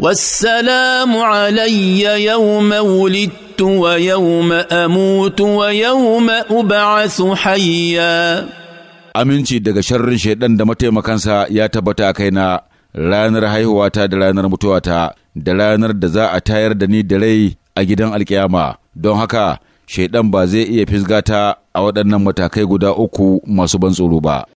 والسلام علي يوم ولدت ويوم أموت ويوم أبعث حيا aminci daga sharrin shaidan da mataimakansa ya tabbata a kaina ranar haihuwata da ranar mutuwata da ranar da za a tayar da ni da rai a gidan alkiyama don haka shaidan ba zai iya fisgata a waɗannan matakai guda uku masu ban tsoro ba